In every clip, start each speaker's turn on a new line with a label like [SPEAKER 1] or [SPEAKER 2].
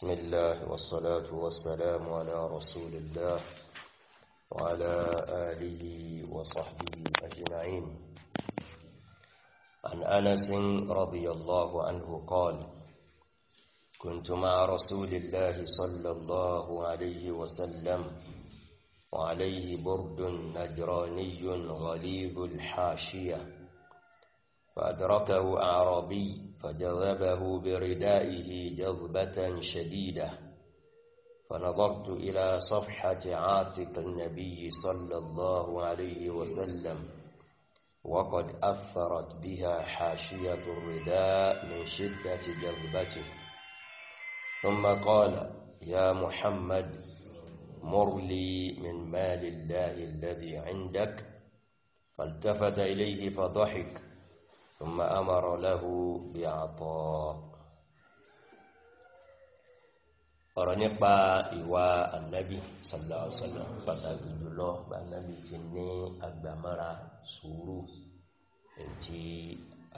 [SPEAKER 1] بسم الله والصلاة والسلام على رسول الله وعلى آله وصحبه أجمعين عن أنس رضي الله عنه قال كنت مع رسول الله صلى الله عليه وسلم وعليه برد نجراني غليظ الحاشية فأدركه أعرابي فجذبه بردائه جذبة شديدة فنظرت إلى صفحة عاتق النبي صلى الله عليه وسلم وقد أثرت بها حاشية الرداء من شدة جذبته ثم قال يا محمد مر لي من مال الله الذي عندك فالتفت إليه فضحك ثم أمر له بعطاء ọ̀rọ̀ nípa ìwà ànábì sallallahu alaihi wasallam pàtàkì jùlọ ànábì ti ní agbàmọ́ra sùúrù ètí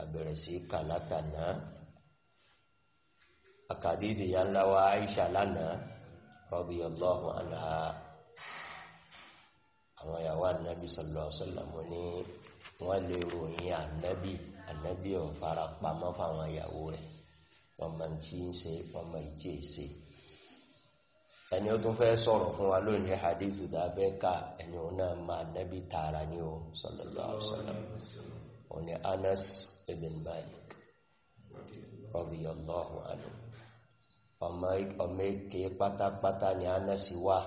[SPEAKER 1] abẹ̀rẹ̀ sí kàlátàná àkàdídì ya ńlá wa Aisha lánàá radiyallahu anha àwọn ìyàwó ànábì sallallahu alaihi wasallam ní wọ́n lè ròyìn ànábì ànábì ò fara pamọ́ fáwọn ìyàwó rẹ̀ wọ́n mọ tí ń ṣe wọ́n mọ ìtí èsè ẹni ó tún fẹ́ sọ̀rọ̀ fún wa lónìí hadithu dábẹ́ ká ẹni òun náà ma ànábì tààrà ní o sallallahu alaihi wasallam òun Anas ibn Malik radiyallahu anhu ọmọ èké pátápátá ni Anas wà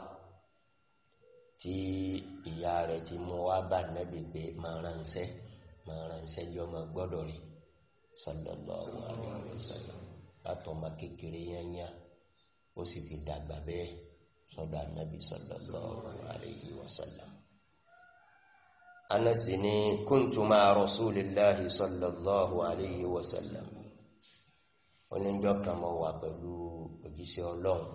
[SPEAKER 1] tí ìyá rẹ̀ ti mú wá bá ànábì pé máa ránṣẹ́ máa ránṣẹ́ yọ ọmọ gbọ́dọ̀ rẹ̀ sallallahu alaihi wasallam látọmọ kékeré yányá ó sì fi dàgbà bẹ́ẹ̀ sọ́dọ̀ anábì sallallahu alaihi wasallam. Anasi ni kuntu ma'a rasulillahi sallallahu alaihi wasallam oníjọ́ kan mọ̀ wà pẹ̀lú òjíṣẹ́ ọlọ́run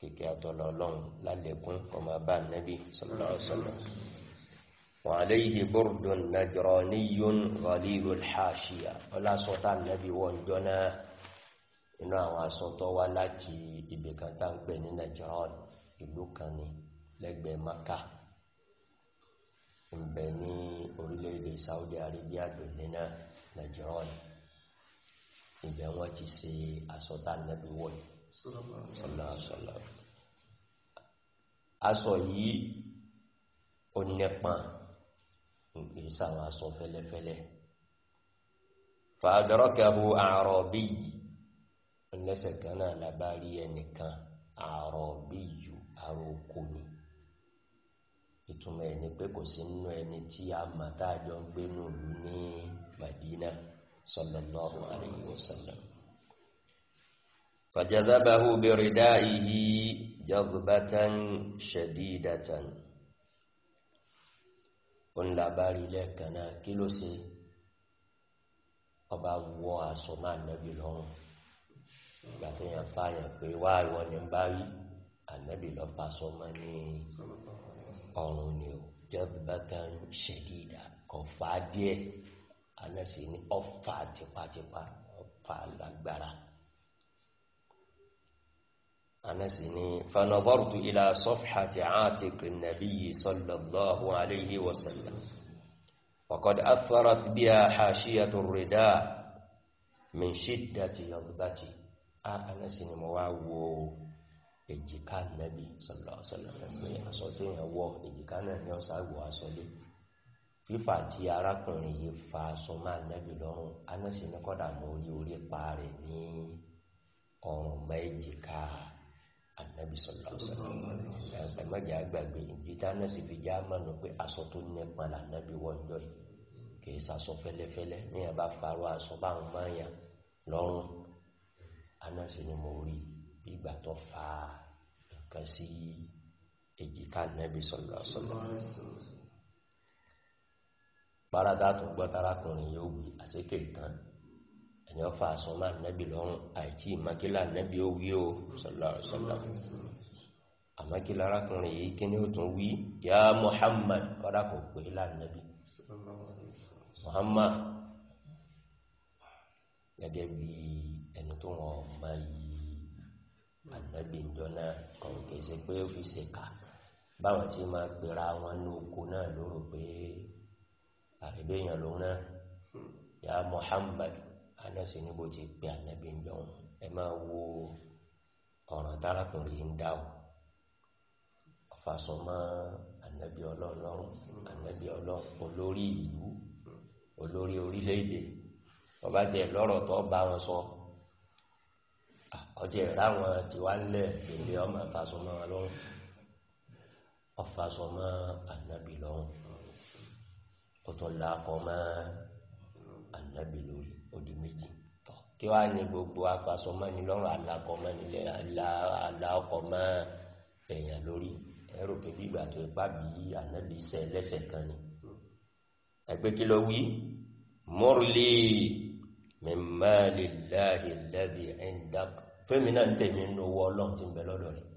[SPEAKER 1] kékeré àtọ̀lọ́ ọlọ́run lálẹ́kún ọmọ abá anábì sallallahu alaihi وعليه برد نجراني غليل الحاشية ولا سلطان نبي وانجنا inú àwọn aṣọ tó wá láti ibì kan tá ń pè ní Najran ìlú kan ní lẹ́gbẹ̀ẹ́ Maka ńbẹ ní orílẹ̀-èdè Saudi Arabia lónìí náà Najran ibẹ̀ wọ́n ti ṣe aṣọ tá nẹ́bí wọ̀ yìí sọlọ́sọlọ́ aṣọ yìí ó nípọn kì í sáwọn aṣọ fẹ́lẹ́fẹ́lẹ́ fàdọ́rọ́kẹ́hu àrọ̀bí ẹlẹ́sẹ̀ kan náà la bá rí ẹnìkan àrọ̀bí ju àròkò ni ìtumọ̀ ẹ̀ ni pé kò sí nínú ẹni tí a mọ̀ tá a jọ ń gbé nùlú ní Madina sallallahu alayhi wa sallam fàjàdábàhù bi ridaihi jadbatan shadidatan ó ń labárí lẹ́ẹ̀kan náà kí ló ṣe ọba wọ aṣọ máa nẹ́bí lọ́rùn ìgbà tó yàn fáyàn pé wá ìwọ ni ń bá rí ànẹ́bí lọ paṣọ mọ́ ní ọrùn ni ó jẹ́bùbátà ń ṣèdídà kọ̀ fà á díẹ̀ àná sì ní ọ̀fà tipátipá ọ̀fà lágbára anasi ni fanabartu ila safhati atiq an-nabiy sallallahu alayhi wa sallam وقد أثرت بها حاشية الرداء من شدة يضبتي أنس مواو èjìká nàbì sọlọ sọlọ pé aṣọ tó yẹn wọ èjìká náà ni ọsà wọ aṣọ lé fífà tí arákùnrin yìí fa aṣọ máa nàbì lọ́rùn anẹsì ní kódà mọ orí orí pa rẹ̀ ní ọrùn mọ anabi sọlọ ẹ mẹjẹ agbàgbé ìdíta náà sì fi já mánu pé aṣọ tó nípa là anabi wọjọ yìí kìí sasọ fẹlẹfẹlẹ ní ẹ bá farọ aṣọ bá ń máyà lọ́rùn anasi ni mo rí ìgbà tó fa nǹkan sí èjìká anabi sọlọ sọlọ parada tó gbọ́ tarakùnrin yóò wí àṣekè tán èyàn fa àsọ́mà nẹ́bì lọ́rùn àìtí ìmákílà nẹ́bì ó wí o sọ́lọ́sọ́lọ́ àmákílà arákùnrin yìí kí ní ó tún wí ya Muhammad kọ́dá kò pè é lánàbì Muhammad gẹ́gẹ́ bí ẹni tó wọ́n ma yìí ànábì ìjọ náà kàn kèsè pé ó fi ṣèkà báwọn tí máa pera wọn ní oko náà lórò pé àrẹ́bẹ̀yàn lòun náà hmm. ya Muhammad anọ́sì níbo ti pé ànábì ń jọun ẹ máa wo ọ̀ràn tárakùnrin ń dá o ọ̀fàsọmọ́ ànábì ọlọ́run ànábì ọlọ́run olórí ìlú olórí orílẹ̀-èdè ọba jẹ lọ́rọ̀ tó bá wọn sọ ọjẹ́ ìráwọn tí wá lẹ̀ lèlé ọmọ ọ̀fàsọmọ́ ọlọ́run ọ̀fàsọmọ́ ànábì lọ́run ó tún lakọ̀ lórí odi méjì tọ̀ kí wàá ní gbogbo afasọmọ́ni lọ́rùn alákọ̀mọ́nilẹ̀ alákọ̀mọ́ èèyàn lórí ẹ̀rọ kébí ìgbà tó ipá bí ànábì sẹ lẹ́sẹ̀ kan ni ẹgbẹ́ kí ló wí mọ́rùlé mẹ́màlélàhì lẹ́bi ẹ̀ńdàk fẹ́mi náà ń tẹ̀mí nínú owó ọlọ́run tí ń bẹ lọ́dọ̀ rẹ̀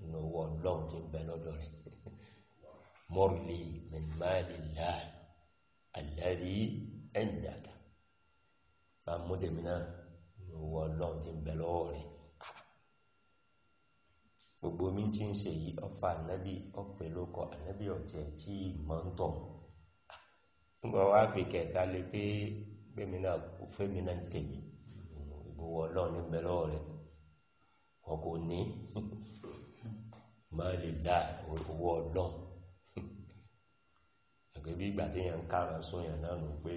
[SPEAKER 1] nínú owó ọlọ́run tí ń bẹ lọ́dọ̀ rẹ̀ mọ́rùlé mẹ́màlélàhì lẹ́bi ẹ̀ńdàk a dàda bá mú tèmi náà ní owó ọlọ́run ti ń bẹ lọ́wọ́ rẹ̀ gbogbo mi ti ń ṣe yìí ọfà ànábì ọpẹ lóko ànábì ọ̀tẹ̀ tí ìmọ̀ ń tọ̀ nígbà wá fi kẹta lè pé gbẹmí náà kò náà ń ìbúwọ pé bí ìgbà tí èèyàn ń káràn sún yàn náà nù pé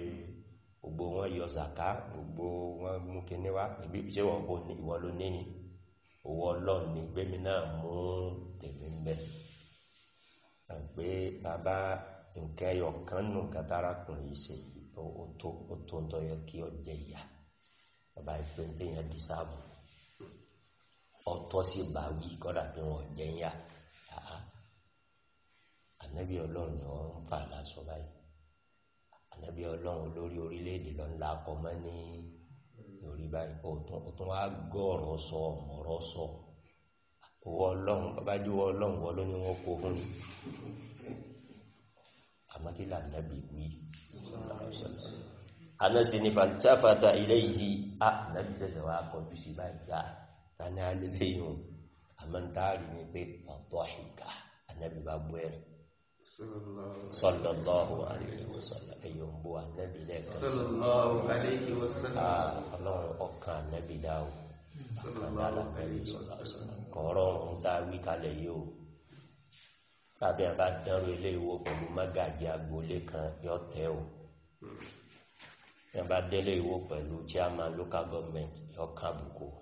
[SPEAKER 1] gbogbo wọn yọ zàká gbogbo wọn mú kíní wá ìbí ṣé wọn bó ní ìwọ ló ní ni owó ọlọ́run ni gbẹ́mi náà mú tèmi ń bẹ pé bàbá nǹkan ẹyọ kan nù kátàrákùnrin ṣe ó tó ó tó ń tọyọ kí ọ jẹ ìyá bàbá ìpè ń tẹ̀yàn dísáàbù ọtọ́ sí bàwí kọ́dà bí wọn jẹ ń ànábì ọlọ́run ni wọ́n ń fà lásọ báyìí ànábì ọlọ́run lórí orílẹ̀-èdè lọ ńlá akọmọ́ ní orí báyìí ó tún wá gọ́ọ̀rọ̀ sọ ọ̀rọ̀ sọ owó ọlọ́run bàbá jẹ́ owó ọlọ́run wọ́n ló ní wọ́n kó fún mi àmọ́kílà ànábì wí anasi ni faltafata ilayhi a ànábì sẹ̀sẹ̀ wá kọjú sí báyìí yá tani alẹ́ lẹ́yìn o àmọ́ ń taari ni pé ọ̀tọ̀ àyíká ànábì bá bú ẹ̀rìn sọlọlọ́hu aléyíwòsànlá ẹ̀yọ̀ ń bó ànẹ́bì lẹ́ẹ̀kan sọlọlọ́hu aléyíwòsànlá ah, ọlọ́run ọkàn ànẹ́bì dáwò sọlọlọ́hu aléyíwòsànlá kọ̀ọ̀rọ̀ ọ̀run tá a wí kalẹ̀ yìí o tàbí àbá dánrò ilé ìwò pẹ̀lú mágàjì agboolé kan yọ tẹ́ o àbá hmm. délé ìwò pẹ̀lú chairman local government yọ kábùkù o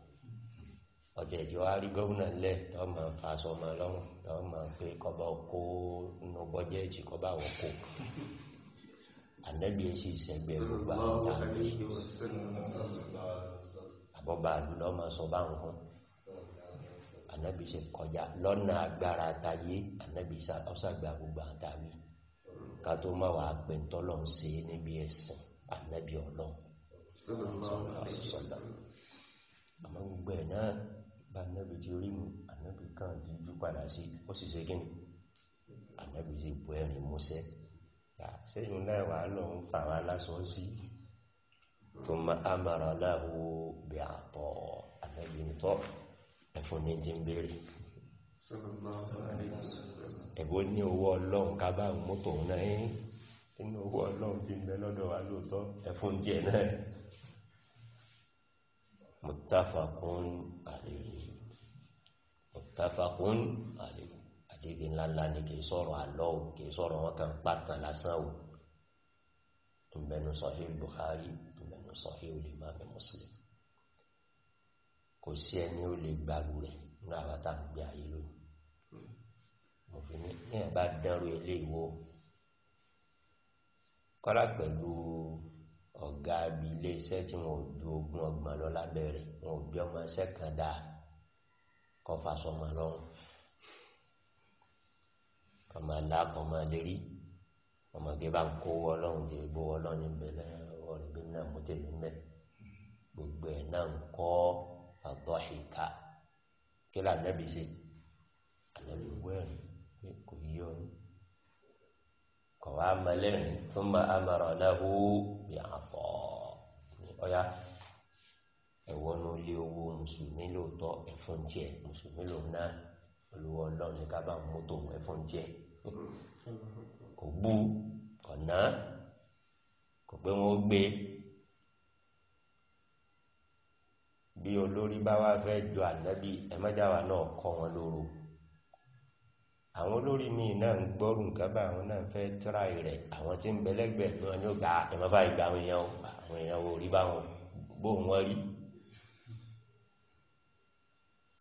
[SPEAKER 1] ọ̀jẹ̀ ìjọ wa rí gómìnà lẹ̀ tó máa ń faṣọ ọmọ lọ́rùn tó máa ń pè kọ́ba ọkọ̀ nínú bọ́jẹ́ẹ̀tì kọ́ba ọkọ̀ ànẹ́bí èsì ìṣẹ̀gbẹ̀ gbogbo àwọn tàbí àbọ̀bà àdúlọ́ máa sọ báwọn fún ànẹ́bí ṣe kọjá lọ́nà agbára àtàyé ànẹ́bí ọ̀sàgbà gbogbo àtàwí ká tó máa wà pé tọ́lọ̀ ń ṣe níbi ẹ̀sìn ànẹ́bí ọlọ́run àmọ́ gbogbo ẹ̀ náà bá ànábì ti rí mu ànábì kan díjú padà sí ó sì ṣe kíni ànábì sì bu ẹrin músẹ́ sẹ́yìn náà wàá lọ ń fà wá lásọ sí tó ma amara lahu bí àtọ̀ ànábì ń tọ́ ẹ̀fọn ní ti ń béèrè ẹ̀bùn ní owó ọlọ́run ká bá àwọn mọ́tò náà ẹ́ inú owó ọlọ́run ti ń bẹ lọ́dọ̀ wa lóòótọ́ ẹ̀fún díẹ̀ náà muttafaqun alayhi muttafaqun alayhi àdéhìí ńláńlá ni kì í sọ̀rọ̀ àlọ́ o kì í sọ̀rọ̀ wọn kàn pàtàn lásán o ìbẹ̀nu Sahih Bukhari ìbẹ̀nu Sahih Imam Muslim kò sí ẹni ó lè gbàrú rẹ̀ ní àbátà gbé ayé lónìí mo fi ní ní ẹ̀ bá ilé ìwò kọ́lá pẹ̀lú ọ̀gá ibi iléeṣẹ́ tí wọn ò ju ogún ọgbọ̀n lọ lábẹ́ rẹ̀ wọn ò bí ọmọ ẹsẹ̀ kan dáa kọfà sọmọ lọ́rùn kọmọ àlá kọmọ lérí ọmọ gẹ bá ń kó ọlọ́run jẹ gbó ọlọ́run níbẹ̀ lọ́wọ́ rẹ̀ bí náà mo tẹ̀lé mẹ́ gbogbo ẹ̀ náà ń kọ́ àdọ́hìká kí là nẹ́bi ṣe àlẹ́bí wẹ́rin kò yí ọ kọ̀wá mọ́lẹ́rin tó máa amọ̀ràn náà ó bí àpọ̀ ọ̀yá mùsùlùmí lóòótọ́ ẹ̀fọn jẹ́ mùsùlùmí lòun náà olùwọ́ ọlọ́run ní kábà mọ́tò ẹ̀fọn jẹ́ ògbú ọ̀nà kò pé wọ́n gbé bí olórí bá wá fẹ́ jọ ànábì ẹ̀mẹ́jáwá náà kọ́ wọn lóru àwọn olórí míì náà ń gbọ́rù nǹkan bá àwọn náà fẹ́ tíráì rẹ̀ àwọn tí ń bẹ lẹ́gbẹ̀ẹ́ náà ní ó gba ẹ̀mọ́ báyìí àwọn èèyàn àwọn rí báwọn bóun wọ́n rí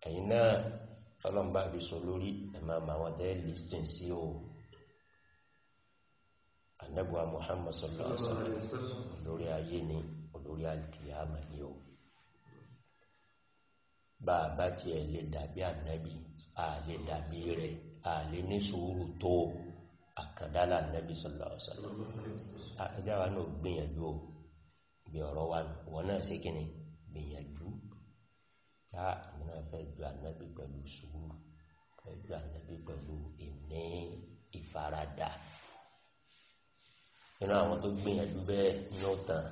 [SPEAKER 1] ẹ̀yin náà ọlọ́run bá fi so lórí ẹ̀ máa mọ àwọn tẹ́ẹ̀ lísìn sí o anabuwa muhammad sallallahu alaihi wasallam olórí ayé ni olórí alikiyama ni o bá a bá tiẹ̀ lè dàbí ànábì a lè dàbí rẹ̀ a lè ní sùúrù tó àkàndálà ànábì sallallahu alaihi wasallam wa náà gbìyànjú o bí wa náà ṣe kí ni gbìyànjú yá èmi náà fẹ́ ju ànábì pẹ̀lú sùúrù fẹ́ ju ànábì pẹ̀lú ìní ìfaradà nínú àwọn tó gbìyànjú bẹ́ẹ̀ ní ọ̀tàn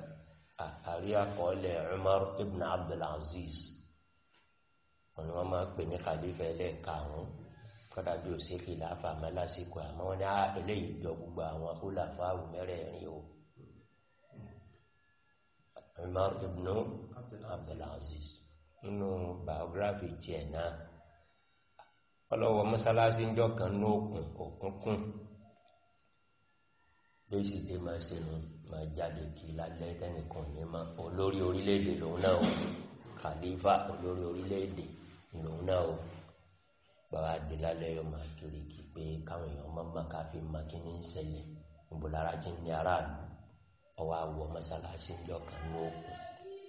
[SPEAKER 1] àrí àkọọ́lẹ̀ Umar ibn Abdul Aziz wọn ni wọ́n máa pè ní khalifa ẹlẹ́ẹ̀karùn-ún kọ́dà bí ó ṣe khilafa mọ́ lásìkò àmọ́ wọn ni á eléyìí jọ gbogbo àwọn khulafa mẹ́rẹ̀ẹ̀rin o Umar ibn Abdul Aziz nínú biography tiẹ̀ náà ọlọ́wọ́ mọ́sálásí ń jọ́kan ní òkun òkúnkún bí sì dé máa ṣe nù máa jáde kí lálẹ́ tẹ́nìkan ní ma olórí orílẹ̀-èdè lòun náà o khalifa olórí orílẹ̀-èdè lòun náà o bàbá dé lálẹ́ yóò máa kiri kí pé káwọn èèyàn máa má káfí máa kí ní ṣẹlẹ̀ ìbòlára ti ń ní aráàlú ọwọ́ àwọ̀ mọ́sálásí ń jọ́kan ní òkun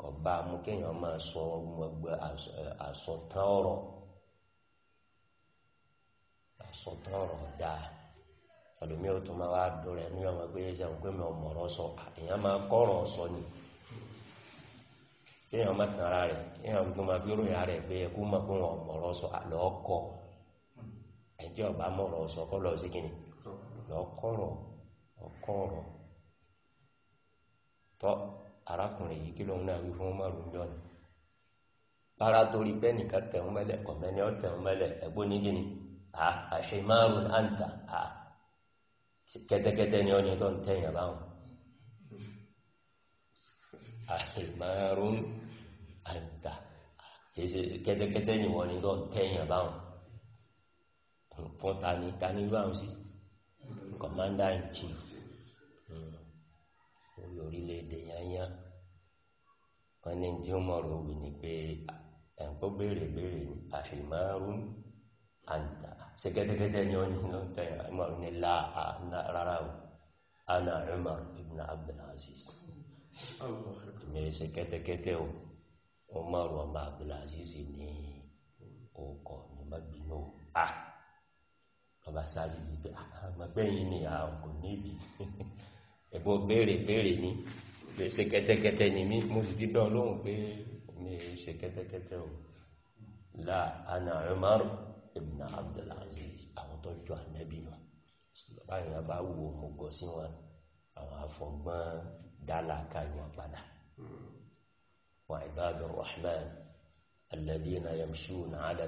[SPEAKER 1] kọba mú kéèyàn máa sọ gbogbo àsọtán ọ̀rọ̀ àsọtán ọ̀rọ̀ dáa ẹlòmíì ó tún máa wá dọrẹ ní ọmọ pé ṣe ń pè mí ọmọ ọ̀rọ̀ sọ èèyàn máa kọrọ sọ ni kéèyàn má tan ara rẹ̀ kéèyàn tó máa fi ròyìn ara rẹ̀ pé ẹkú mọ pé wọn ọmọ sọ àlọ ẹjẹ ọba mọ sọ kọ lọ sí kìnnì lọkọrọ ọkọrọ tọ arákùnrin yìí kí lóun náà wí fún márùn jọ́nà bára torí pé nìkan tẹ̀hún mẹ́lẹ̀ ọ̀mẹ́ni ọ̀ tẹ̀hún mẹ́lẹ̀ ẹ̀gbọ́n ní gíní àṣẹ márùn àǹtà kẹ́tẹ́kẹ́tẹ́ ni ọ́ ni tó ń tẹ̀yìn báwọn àṣẹ márùn àǹtà kẹ́tẹ́kẹ́tẹ́ ni wọ́n ni tó ń tẹ̀yìn báwọn nǹkan ta ni báwọn sí commander in chief orílẹ̀-èdè yányá wọ́n ní tí ó mọ̀rọ̀ wí ni pé ẹ̀ǹkọ́ béèrè béèrè ní àṣìmárún àǹtà ṣe gẹ́gẹ́gẹ́gẹ́ ni wọ́n ní lọ́tẹ̀ ìmọ̀rún ní láà rárá o ana Umar ibn Abdulaziz mi ṣe kẹ́tẹ́kẹ́tẹ́ o Umar ọmọ Abdulaziz ní ọkọ̀ ní mọ́bìnú a ọba sáré yìí pé àmọ́gbẹ́yìn ni a kò níbi ẹ̀bọ̀ béèrè béèrè ní ṣe kẹ́tẹ́kẹ́tẹ́ ni mí mo sì ti dán lóhùn pé mi ṣe kẹ́tẹ́kẹ́tẹ́ o la ana Umar ibn Abdul Aziz àwọn tó jọ ànẹ́bí nù báyìí wọn bá wo mo gọ̀ sí wọn àwọn afọgbọ́n dálà káyọ̀ padà wa ibadur rahman alladhina yamshuna ala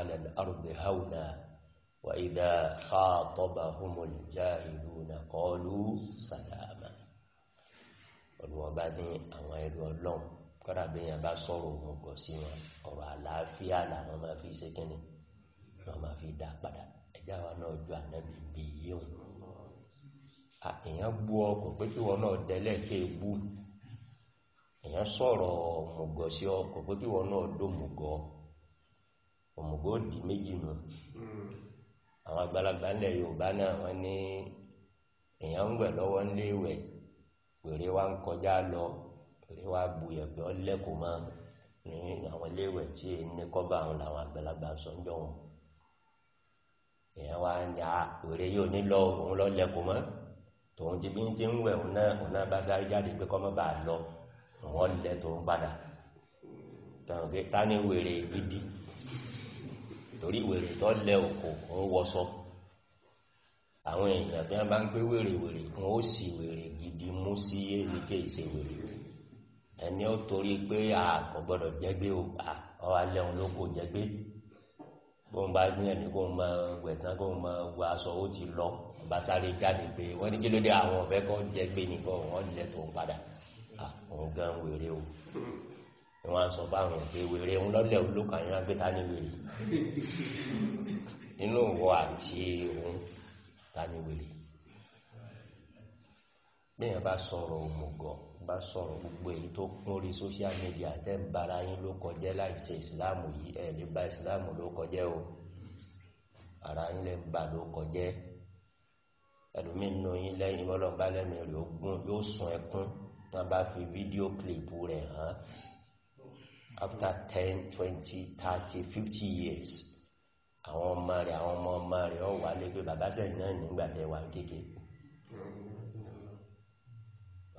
[SPEAKER 1] al-ardi hawna. وإذا خاطبهم الجاهلون قالوا سلاما olùwọ́ba ní àwọn ẹrú ọlọ́run kọ́dà bí yẹn bá sọ̀rọ̀ òun gọ̀ sí wọn ọ̀rọ̀ àlàáfíà làwọn máa fi ṣe kínní wọn máa fi dá padà ẹjá wa náà ju ànábì bí iye wọn. èèyàn bu ọkọ̀ pé kí wọn náà dẹ́lẹ̀ ké bú èèyàn sọ̀rọ̀ òmùgọ̀ sí ọkọ̀ pé kí wọn náà dó òmùgọ̀ òmùgọ̀ ó di méjì nù. Hmm àwọn àgbàlagbà ńlẹ̀ yorùbá náà wọ́n ní èèyàn ń wẹ̀ lọ́wọ́ ńlé ìwẹ̀ pèrè wa ń kọjá lọ pèrè wa buyẹ̀ pé ọ ní àwọn ilé ìwẹ̀ tí ní kọ́ba àwọn làwọn àgbàlagbà sọ́njọ́ wọn èèyàn wa ní a pèrè yóò ní lọ òun lọ lẹ́kọ̀ọ́ mọ́ tòun ti bí ń ti ń wẹ̀ òun náà òun náà bá sáré jáde pé kọ́mọ́ bá a lọ òun ọ̀ tòun padà tàwọn kí tani wèrè gidi bí wèrè tó lẹ òkò ń wọṣọ àwọn èèyàn bí wọn bá ń gbé wèrè wèrè wọn ó sì wèrè gidi mú sí èyí ṣe wèrè ẹni ó torí pé àkọ́ gbọ́dọ̀ jẹ́gbé o ọ alẹ́ ló kò jẹ́gbé bó ń bá gbìyànjú kó ń máa wẹ̀tán kó ń máa wọ aṣọ ó ti lọ bá sáré jáde pé wọ́n ní kí ló dé àwọn ọ̀fẹ́ kan jẹ́gbé nìkan wọ́n lẹ̀ tó ń padà àwọn gan wèrè o ni wọ́n sọ bá àwọn òfin wèrè ń lọ́lẹ̀ olókà yín wá gbé ta ní wèrè nínú ìwọ àti òun ta ní wèrè bẹ́ẹ̀ bá sọ̀rọ̀ òmùgọ̀ bá sọ̀rọ̀ gbogbo èyí tó kún orí social media tẹ́ ń bara yín ló kọjẹ́ láìsẹ ìsìláàmù yìí ẹ̀ lè ba ìsìláàmù ló kọjẹ́ o ara yín lè ba ló kọjẹ́ ẹlòmíín nù yín lẹ́yìn bọ́lọ̀ bá lẹ́mìí rẹ̀ ó gún yóò sun ẹkún tí wọ́n bá fi fídíò kílípù rẹ̀ hàn after ten twenty thirty fifty years àwọn ọmọ rẹ̀ àwọn ọmọ ọmọ rẹ̀ ọ̀ wà lẹ́gbẹ̀ẹ́ bàbá sẹ́yìn náà nígbà tẹ wà kéke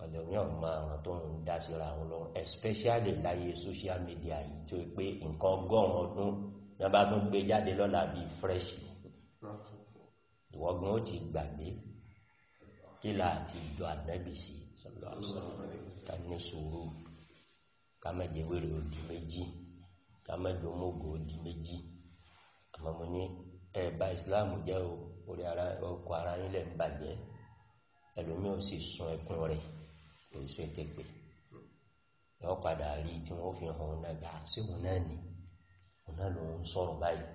[SPEAKER 1] ọ̀lẹ́wọ̀n yóò mọ àwọn tó ń dá síra àwọn lọ especially láyé social media yìí tó pé nǹkan ọgọ́rùn-ún ọdún ní wọ́n bá tún gbé jáde lọ́la bíi fresh ìwọ́gbọ́n ó ti gbàgbé kí là á ti jọ ànábì sí sọlọ́ọ̀sọ̀ ká ní sùúrù ká má jẹ wèrè òdì méjì ká má jẹ omógo òdì méjì àmọ́ mo ní o bà o orí ara ọkọ̀ ara yín lẹ̀ ń bàjẹ́ ẹlòmíì ò sì sun ẹkún rẹ̀ o sí ètèpè yọ padà rí tí wọ́n fi hàn ọ́n dàgbà sí òun náà ni òun náà lòun sọ̀rọ̀ báyìí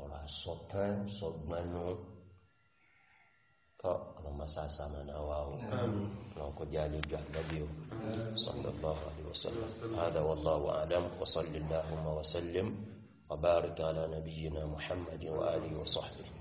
[SPEAKER 1] ọ̀rọ̀ àsọtán sọgbọnú. So ọlọ́mọsáàsá mọ̀nà wà ó ọlọ́kọjá lójú àgbàbí ó sallallahu alaihi wasallam hada wallahu a'lam wa sallallahu wa sallim wa barika ala nabiyyina muhammadin wa alihi wa sahbihi